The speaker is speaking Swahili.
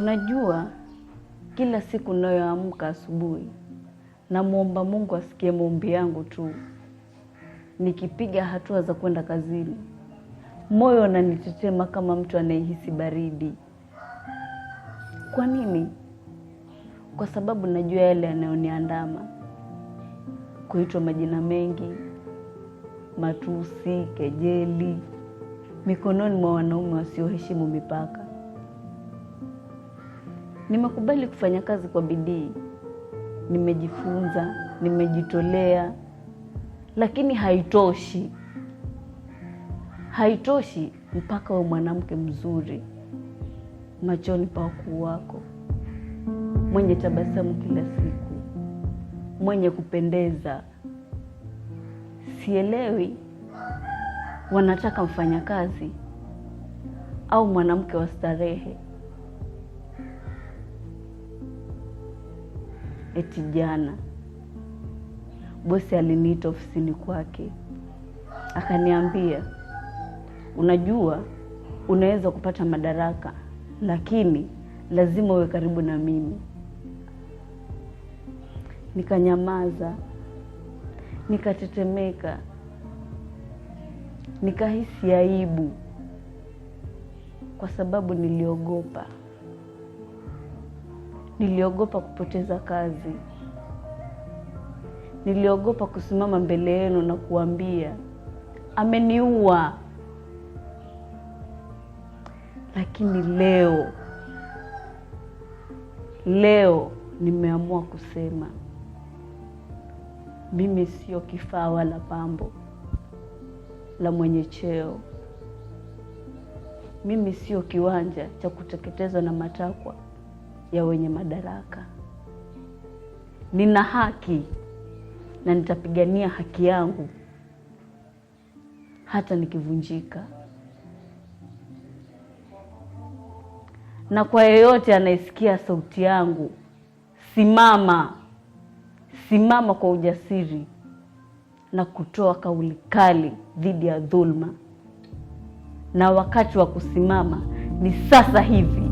Unajua, kila siku ninayoamka asubuhi namwomba Mungu asikie maombi yangu tu. Nikipiga hatua za kwenda kazini, moyo unanitetema kama mtu anayehisi baridi. Kwa nini? Kwa sababu najua yale yanayoniandama: kuitwa majina mengi, matusi, kejeli mikononi mwa wanaume wasioheshimu mipaka. Nimekubali kufanya kazi kwa bidii, nimejifunza, nimejitolea, lakini haitoshi. Haitoshi mpaka we mwanamke mzuri, machoni pa wakuu wako, mwenye tabasamu kila siku, mwenye kupendeza. Sielewi wanataka mfanyakazi au mwanamke wa starehe. eti jana bosi aliniita ofisini kwake akaniambia, unajua unaweza kupata madaraka, lakini lazima uwe karibu na mimi. Nikanyamaza, nikatetemeka, nikahisi aibu kwa sababu niliogopa. Niliogopa kupoteza kazi, niliogopa kusimama mbele yenu na kuambia ameniua. Lakini leo, leo nimeamua kusema mimi sio kifaa wala pambo la mwenye cheo. Mimi sio kiwanja cha kuteketezwa na matakwa ya wenye madaraka. Nina haki na nitapigania haki yangu hata nikivunjika. Na kwa yeyote anayesikia sauti yangu, simama, simama kwa ujasiri na kutoa kauli kali dhidi ya dhulma, na wakati wa kusimama ni sasa hivi.